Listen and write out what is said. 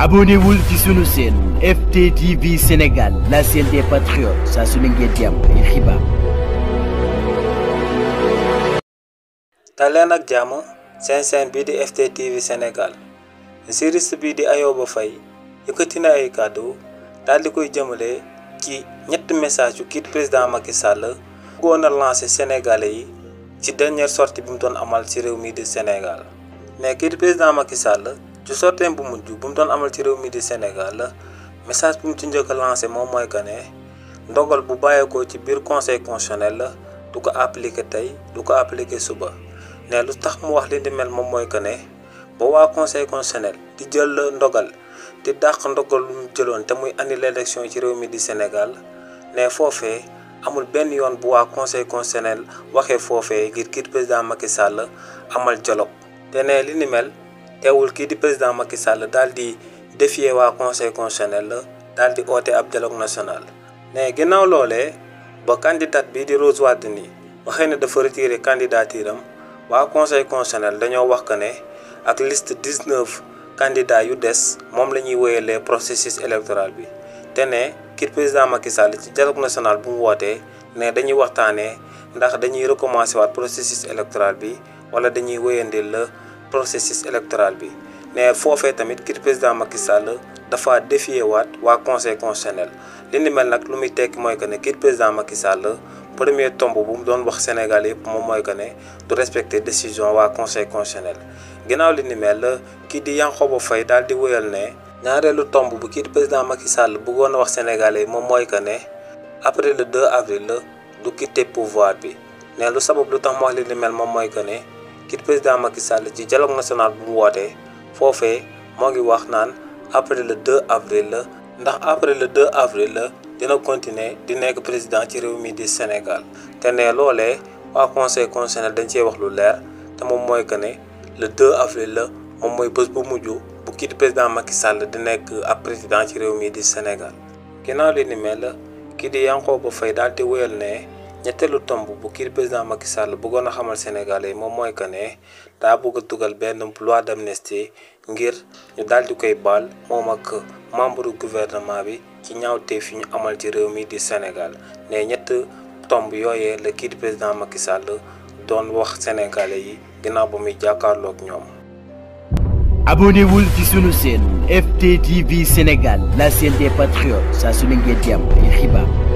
abonnez-vous ci sunu FT FTTV Sénégal la chaîne des patriotes Ça, su ne ngeen di am ay xibaar. taleen ak jàmm seen FTTV Sénégal juriste bii di Ayoba Fay, écoutez na ay cadeau. daal di koy jëmale ci message yu kii président Macky Sall bëggoon a lancé sénégalais yi ci dernière sortie bi mu ton amal ci réew Sénégal mais kii président Macky Sall ci sorteem bu mujj bu mu doon amal ci réew di Sénégal message bu mu ci njëkk a lancé moom que ne ndogal bu bàyyeekoo ci conseil constitutionnel du ko suba ne lu tax mu wax li di mel moom que conseil constitutionnel di jël ndogal di dàq ndogal lu mu te muy élection ci Sénégal ne foofee amul benn yoon conseil constitutionnel waxee foofee ngir kiit président Macky teewul kii di président Macky Sall daal di défier waa conseil constitutionnel la daal di oote ab dialogue national mais ginnaaw loolee ba candidate bii di Rose Wardini waxee na dafa retiré candidature am waa conseil constitutionnel dañoo wax que ne ak liste 19 candidats yu des moom la ñuy wéyalee processus électoral bi te ne kii président Macky Sall ci dialogue national bu wootee ne dañuy waxtaanee ndax dañuy recommencer waat processus électoral bi wala dañuy wéyandil la. processus électoral bi ne fofé tamit kii président Macky Sall dafa défier waat waa conseil constitutionnel lindi mel nak lu muy moy que ne kii président Macky Sall premier tombe bu mu doon wax sénégalais yëpp moom mooy que ne du respecter décision wa conseil constitutionnel ginaaw lindi mel ki di yankobo fay dal di wéyal né ñaarelu tombe bu ki di président Macky Sall bëggoon a wax Sénégalais mom moy que ne après le 2 avril du quitter pouvoir bi né lu sabab lu tax mu wax li mel mom moy que ne. kii président Macky Sall ci dialogue national bu mu wootee foofee moo ngi wax naan après le 2 avril la ndax après le 2 avril la dina continuer di nekk président ci réew mi di Sénégal te ne loolee waa conseil constitutionnel dañ cee wax lu leer te moom mooy que ne le 2 avril la moom mooy bés bu mujj bu kiit président Macky Sall di nekk ab président ci réew mi di Sénégal ginnaaw li ni mel kii di Yankhoba Faye daal di wéyal ne. ñetteelu tomb bu kii président Macky Sall bëggoon a xamal Sénégalais moom mooy que ne daa bëgg a dugal benn loi d'amnistie ngir ñu daal di koy baal moom ak membre gouvernement bi ci ñaawte fi ñu amal ci réew mi di Sénégal ne ñett tomb yooyee la kii di président Macky Sall doon wax Sénégalais yi ginnaaw ba muy jàkkaarloog ñoom. abonnez-vous ci sunu chaîne FTTV Sénégal la chaîne des patriotes saa su ne ngeen di